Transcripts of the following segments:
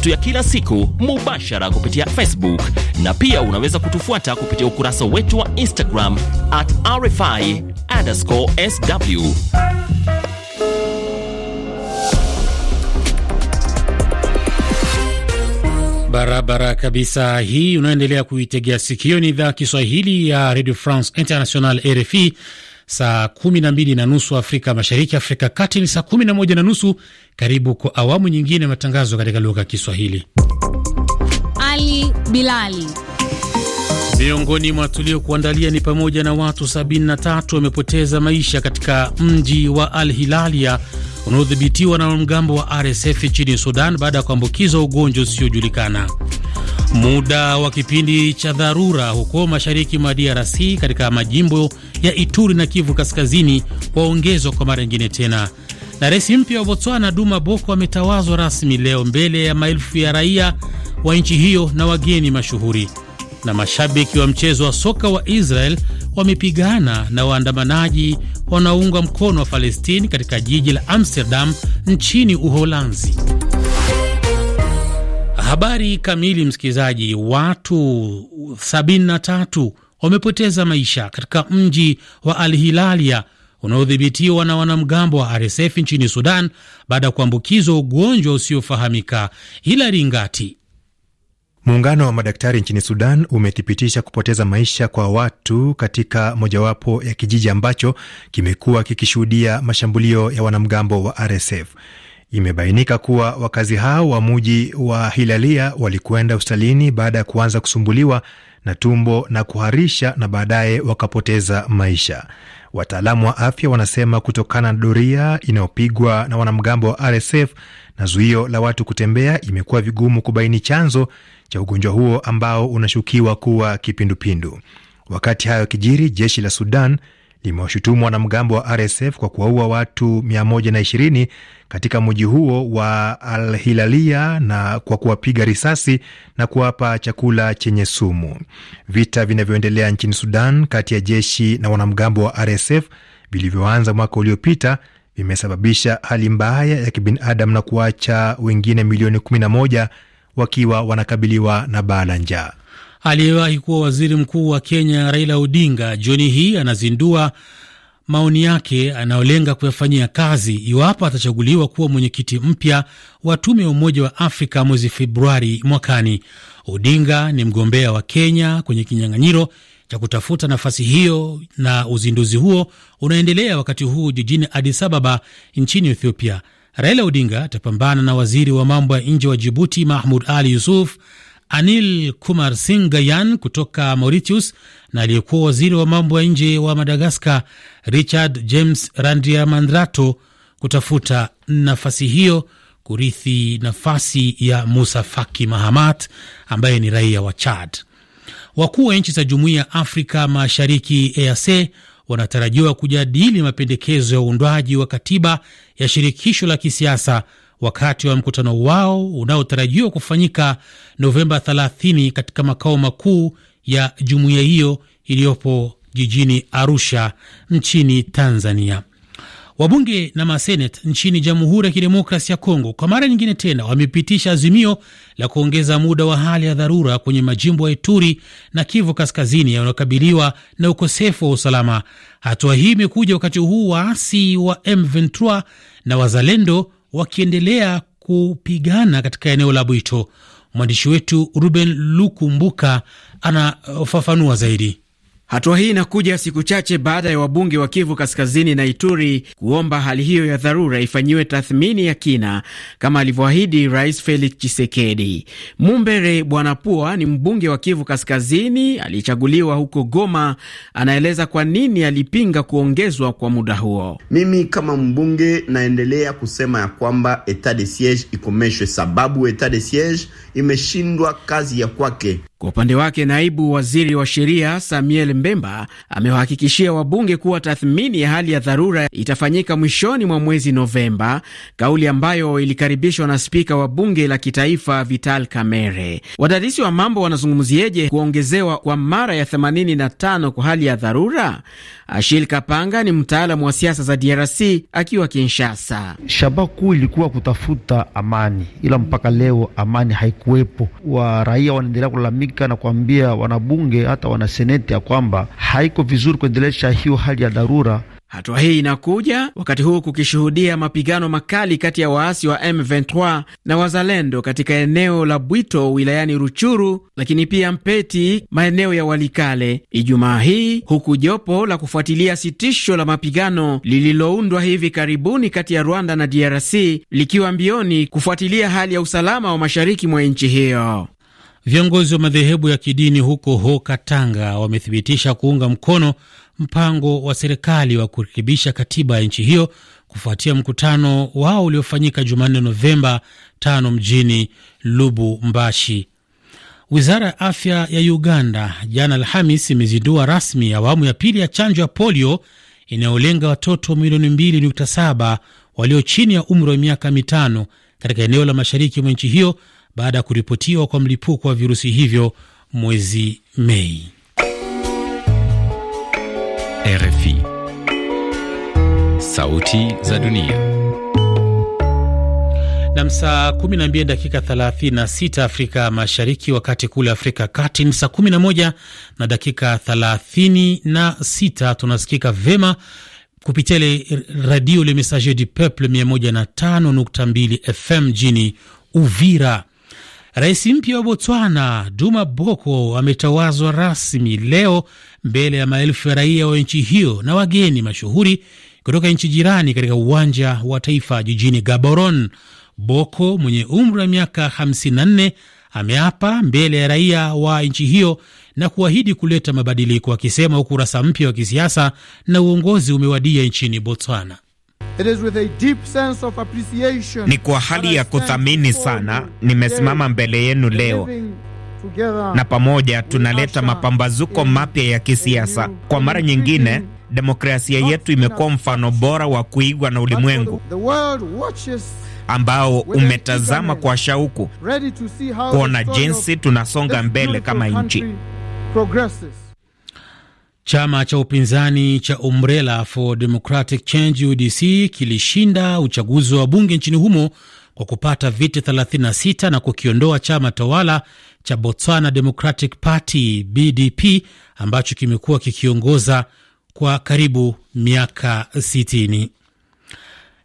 yetu ya kila siku mubashara kupitia Facebook na pia unaweza kutufuata kupitia ukurasa wetu wa Instagram at RFI underscore sw. Barabara kabisa. Hii unaendelea kuitegea sikio, ni idhaa Kiswahili ya Radio France International, RFI saa kumi na mbili na nusu Afrika Mashariki, Afrika Kati ni saa kumi na moja na nusu. Karibu kwa awamu nyingine ya matangazo katika lugha ya Kiswahili. Ali Bilali. Miongoni mwa tuliokuandalia ni pamoja na watu 73 wamepoteza maisha katika mji wa Al Hilalia unaodhibitiwa na wanamgambo wa RSF nchini Sudan baada ya kuambukizwa ugonjwa usiojulikana. Muda wa kipindi cha dharura huko mashariki mwa DRC katika majimbo ya Ituri na Kivu Kaskazini waongezwa kwa mara nyingine tena. Na rais mpya wa Botswana Duma Boko ametawazwa rasmi leo mbele ya maelfu ya raia wa nchi hiyo na wageni mashuhuri. Na mashabiki wa mchezo wa soka wa Israel wamepigana na waandamanaji wanaounga mkono wa Palestini katika jiji la Amsterdam nchini Uholanzi. Habari kamili, msikilizaji. Watu 73 wamepoteza maisha katika mji wa Al Hilalia unaodhibitiwa na wanamgambo wa RSF nchini Sudan baada ya kuambukizwa ugonjwa usiofahamika. Hilari Ngati. Muungano wa madaktari nchini Sudan umethibitisha kupoteza maisha kwa watu katika mojawapo ya kijiji ambacho kimekuwa kikishuhudia mashambulio ya wanamgambo wa RSF. Imebainika kuwa wakazi hao wa muji wa Hilalia walikwenda hospitalini baada ya kuanza kusumbuliwa na tumbo na kuharisha na baadaye wakapoteza maisha. Wataalamu wa afya wanasema kutokana na doria inayopigwa na wanamgambo wa RSF na zuio la watu kutembea, imekuwa vigumu kubaini chanzo cha ugonjwa huo ambao unashukiwa kuwa kipindupindu. Wakati hayo kijiri, jeshi la Sudan limewashutumu wanamgambo wa RSF kwa kuwaua watu 120 katika mji huo wa Al Hilalia na kwa kuwapiga risasi na kuwapa chakula chenye sumu. Vita vinavyoendelea nchini Sudan kati ya jeshi na wanamgambo wa RSF vilivyoanza mwaka uliopita vimesababisha hali mbaya ya kibinadamu na kuacha wengine milioni 11 wakiwa wanakabiliwa na baa la njaa aliyewahi kuwa waziri mkuu wa Kenya Raila Odinga jioni hii anazindua maoni yake anayolenga kuyafanyia kazi iwapo atachaguliwa kuwa mwenyekiti mpya wa tume ya Umoja wa Afrika mwezi Februari mwakani. Odinga ni mgombea wa Kenya kwenye kinyang'anyiro cha kutafuta nafasi hiyo, na uzinduzi huo unaendelea wakati huu jijini Addis Ababa nchini Ethiopia. Raila Odinga atapambana na waziri wa mambo ya nje wa Jibuti Mahmud Ali Yusuf Anil Kumar Singh Gayan kutoka Mauritius na aliyekuwa waziri wa mambo ya nje wa Madagaskar Richard James Randriamandrato kutafuta nafasi hiyo kurithi nafasi ya Musa Faki Mahamat ambaye ni raia wa Chad. Wakuu wa nchi za Jumuiya ya Afrika Mashariki EAC wanatarajiwa kujadili mapendekezo ya uundwaji wa katiba ya shirikisho la kisiasa wakati wa mkutano wao unaotarajiwa kufanyika Novemba 30 katika makao makuu ya jumuiya hiyo iliyopo jijini Arusha nchini Tanzania. Wabunge na maseneta nchini Jamhuri ya Kidemokrasi ya Kongo kwa mara nyingine tena wamepitisha azimio la kuongeza muda wa hali ya dharura kwenye majimbo ya Ituri na Kivu Kaskazini yanayokabiliwa na ukosefu wa usalama. Hatua hii imekuja wakati huu waasi wa M23 na wazalendo wakiendelea kupigana katika eneo la Bwito. Mwandishi wetu Ruben Lukumbuka anafafanua zaidi. Hatua hii inakuja siku chache baada ya wabunge wa Kivu Kaskazini na Ituri kuomba hali hiyo ya dharura ifanyiwe tathmini ya kina kama alivyoahidi Rais Felix Tshisekedi. Mumbere Bwana Pua ni mbunge wa Kivu Kaskazini aliyechaguliwa huko Goma, anaeleza kwa nini alipinga kuongezwa kwa muda huo. Mimi kama mbunge naendelea kusema ya kwamba etat de siege ikomeshwe, sababu etat de siege imeshindwa kazi ya kwake kwa upande wake naibu waziri wa sheria Samuel Mbemba amewahakikishia wabunge kuwa tathmini ya hali ya dharura itafanyika mwishoni mwa mwezi Novemba, kauli ambayo ilikaribishwa na spika wa bunge la kitaifa Vital Kamerhe. Wadadisi wa mambo wanazungumzieje kuongezewa kwa mara ya 85 kwa hali ya dharura? Ashil Kapanga ni mtaalamu wa siasa za DRC akiwa Kinshasa. Shaba kuu ilikuwa kutafuta amani, ila mpaka leo amani haikuwepo. Waraia wanaendelea kulalamika hakika na kuambia wanabunge hata wanaseneti ya kwamba haiko vizuri kuendelesha hiyo hali ya dharura. Hatua hii inakuja wakati huu kukishuhudia mapigano makali kati ya waasi wa M23 na wazalendo katika eneo la Bwito wilayani Ruchuru, lakini pia Mpeti, maeneo ya Walikale Ijumaa hii, huku jopo la kufuatilia sitisho la mapigano lililoundwa hivi karibuni kati ya Rwanda na DRC likiwa mbioni kufuatilia hali ya usalama wa mashariki mwa nchi hiyo. Viongozi wa madhehebu ya kidini huko Ho Katanga wamethibitisha kuunga mkono mpango wa serikali wa kurekebisha katiba ya nchi hiyo kufuatia mkutano wao uliofanyika Jumanne Novemba tano mjini Lubumbashi. Wizara ya afya ya Uganda jana Alhamis imezindua rasmi awamu ya pili ya chanjo ya polio inayolenga watoto milioni 2.7 walio chini ya umri wa miaka mitano katika eneo la mashariki mwa nchi hiyo baada ya kuripotiwa kwa mlipuko wa virusi hivyo mwezi Mei. RFI Sauti za Dunia. Nam, saa 12 dakika 36 Afrika Mashariki, wakati kule Afrika Kati ni saa 11 na dakika 36. Tunasikika vema kupitia le radio Le Messager du Peuple 105.2 FM jini Uvira Rais mpya wa Botswana Duma Boko ametawazwa rasmi leo mbele ya maelfu ya raia wa nchi hiyo na wageni mashuhuri kutoka nchi jirani katika uwanja wa taifa jijini Gaborone. Boko mwenye umri wa miaka 54 ameapa mbele ya raia wa nchi hiyo na kuahidi kuleta mabadiliko, akisema ukurasa mpya wa kisiasa na uongozi umewadia nchini Botswana. It is with a deep sense of appreciation, ni kwa hali ya kuthamini sana nimesimama mbele yenu leo na pamoja tunaleta mapambazuko mapya ya kisiasa. Kwa mara nyingine, demokrasia yetu imekuwa mfano bora wa kuigwa na ulimwengu ambao umetazama kwa shauku kuona jinsi tunasonga mbele kama nchi. Chama cha upinzani cha Umbrella for Democratic Change UDC kilishinda uchaguzi wa bunge nchini humo kwa kupata viti 36 na kukiondoa chama tawala cha Botswana Democratic Party BDP ambacho kimekuwa kikiongoza kwa karibu miaka 60.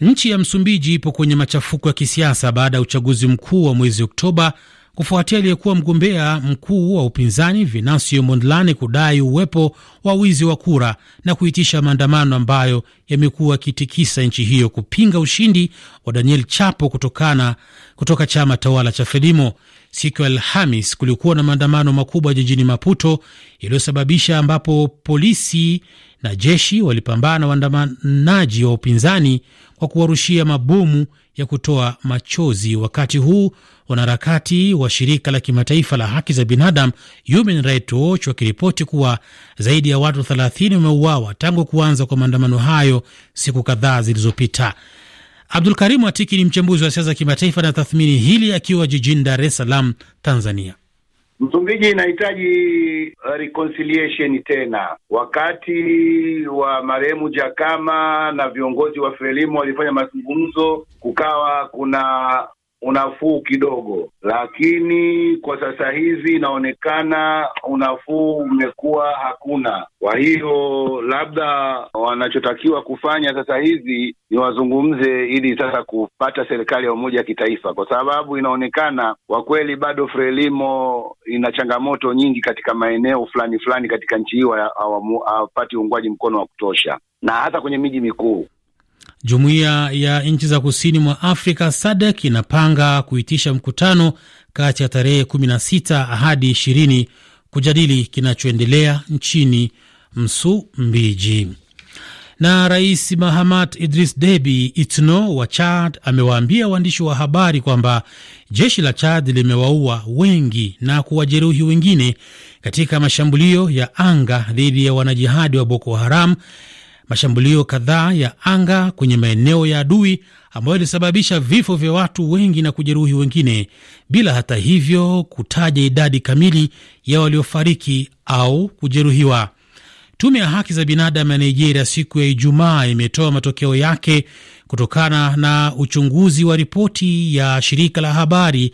Nchi ya Msumbiji ipo kwenye machafuko ya kisiasa baada ya uchaguzi mkuu wa mwezi Oktoba kufuatia aliyekuwa mgombea mkuu wa upinzani Venancio Mondlane kudai uwepo wa wizi wa kura na kuitisha maandamano ambayo yamekuwa yakitikisa nchi hiyo kupinga ushindi wa Daniel Chapo kutokana kutoka chama tawala cha Frelimo siku ya Alhamis kulikuwa na maandamano makubwa jijini Maputo yaliyosababisha ambapo polisi na jeshi walipambana waandamanaji wa upinzani kwa kuwarushia mabomu ya kutoa machozi. Wakati huu wanaharakati wa shirika la kimataifa la haki za binadamu Human Rights Watch wakiripoti kuwa zaidi ya watu 30 wameuawa tangu kuanza kwa maandamano hayo siku kadhaa zilizopita. Abdul Karimu Atiki ni mchambuzi wa siasa za kimataifa na tathmini hili akiwa jijini Dar es Salaam, Tanzania. Msumbiji inahitaji uh, reconciliation tena. Wakati wa marehemu Jakama na viongozi wa Frelimo walifanya mazungumzo, kukawa kuna unafuu kidogo, lakini kwa sasa hivi inaonekana unafuu umekuwa hakuna. Kwa hiyo labda wanachotakiwa kufanya sasa hivi ni wazungumze, ili sasa kupata serikali ya umoja wa kitaifa, kwa sababu inaonekana kwa kweli bado Frelimo ina changamoto nyingi katika maeneo fulani fulani katika nchi hiyo, hawapati uungwaji mkono wa kutosha, na hata kwenye miji mikuu. Jumuiya ya nchi za kusini mwa Afrika SADC inapanga kuitisha mkutano kati ya tarehe 16 hadi 20 kujadili kinachoendelea nchini Msumbiji. Na Rais Mahamat Idris Deby Itno wa Chad amewaambia waandishi wa habari kwamba jeshi la Chad limewaua wengi na kuwajeruhi wengine katika mashambulio ya anga dhidi ya wanajihadi wa Boko Haram mashambulio kadhaa ya anga kwenye maeneo ya adui ambayo ilisababisha vifo vya watu wengi na kujeruhi wengine, bila hata hivyo kutaja idadi kamili ya waliofariki au kujeruhiwa. Tume ya haki za binadamu ya Nigeria siku ya Ijumaa imetoa matokeo yake kutokana na uchunguzi wa ripoti ya shirika la habari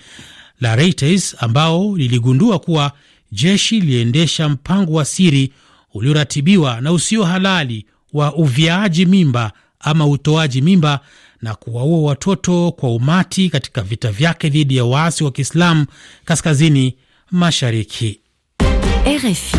la Reuters ambao liligundua kuwa jeshi liliendesha mpango wa siri ulioratibiwa na usio halali wa uviaji mimba ama utoaji mimba na kuwaua watoto kwa umati katika vita vyake dhidi ya waasi wa Kiislamu kaskazini mashariki. RFI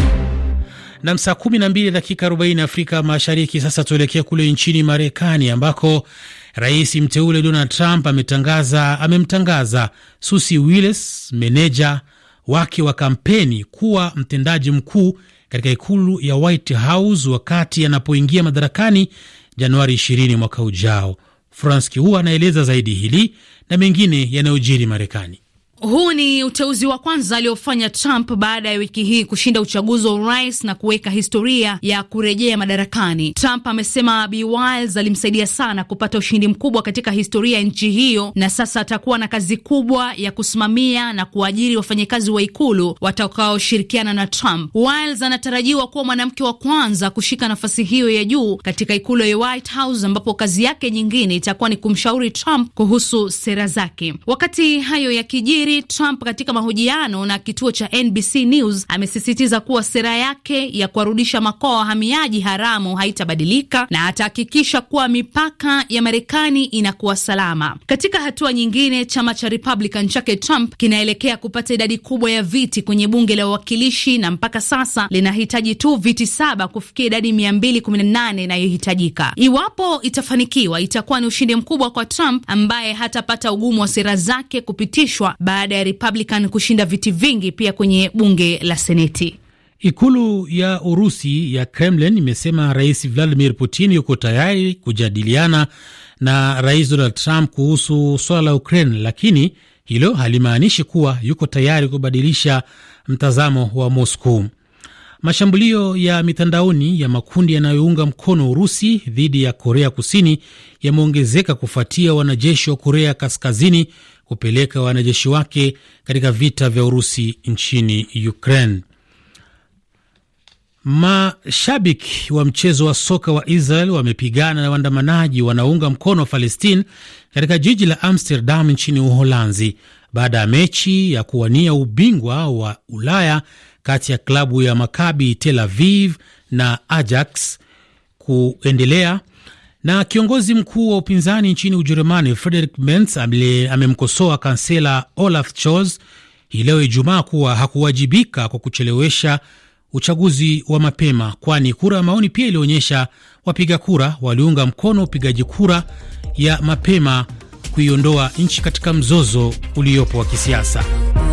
na saa 12 dakika 40 Afrika Mashariki. Sasa tuelekee kule nchini Marekani ambako rais mteule Donald Trump ametangaza amemtangaza Susi Willis meneja wake wa kampeni kuwa mtendaji mkuu katika ikulu ya White House wakati anapoingia madarakani Januari 20 mwaka ujao. Frans Kiua anaeleza zaidi hili na mengine yanayojiri Marekani. Huu ni uteuzi wa kwanza aliofanya Trump baada ya wiki hii kushinda uchaguzi wa urais na kuweka historia ya kurejea madarakani. Trump amesema Bi Wiles alimsaidia sana kupata ushindi mkubwa katika historia ya nchi hiyo, na sasa atakuwa na kazi kubwa ya kusimamia na kuajiri wafanyakazi wa ikulu watakaoshirikiana na Trump. Wiles anatarajiwa kuwa mwanamke wa kwanza kushika nafasi hiyo ya juu katika ikulu ya White House, ambapo kazi yake nyingine itakuwa ni kumshauri Trump kuhusu sera zake. Wakati hayo yakijiri Waziri Trump katika mahojiano na kituo cha NBC News amesisitiza kuwa sera yake ya kuwarudisha makoa wahamiaji haramu haitabadilika na atahakikisha kuwa mipaka ya Marekani inakuwa salama. Katika hatua nyingine, chama cha Republican chake Trump kinaelekea kupata idadi kubwa ya viti kwenye bunge la wawakilishi na mpaka sasa linahitaji tu viti saba kufikia idadi 218 inayohitajika. Iwapo itafanikiwa, itakuwa ni ushindi mkubwa kwa Trump ambaye hatapata ugumu wa sera zake kupitishwa baada ya Republican kushinda viti vingi pia kwenye bunge la Seneti. Ikulu ya Urusi ya Kremlin imesema Rais Vladimir Putin yuko tayari kujadiliana na Rais Donald Trump kuhusu swala la Ukraine, lakini hilo halimaanishi kuwa yuko tayari kubadilisha mtazamo wa Moscow. Mashambulio ya mitandaoni ya makundi yanayounga mkono Urusi dhidi ya Korea Kusini yameongezeka kufuatia wanajeshi wa Korea Kaskazini kupeleka wanajeshi wake katika vita vya Urusi nchini Ukraine. Mashabiki wa mchezo wa soka wa Israel wamepigana na waandamanaji wanaounga mkono Palestine katika jiji la Amsterdam nchini Uholanzi baada ya mechi ya kuwania ubingwa wa Ulaya kati ya klabu ya makabi Tel Aviv na Ajax kuendelea. Na kiongozi mkuu wa upinzani nchini Ujerumani Friedrich Merz amemkosoa kansela Olaf Scholz hii leo Ijumaa kuwa hakuwajibika kwa kuchelewesha uchaguzi wa mapema, kwani kura ya maoni pia ilionyesha wapiga kura waliunga mkono upigaji kura ya mapema kuiondoa nchi katika mzozo uliopo wa kisiasa.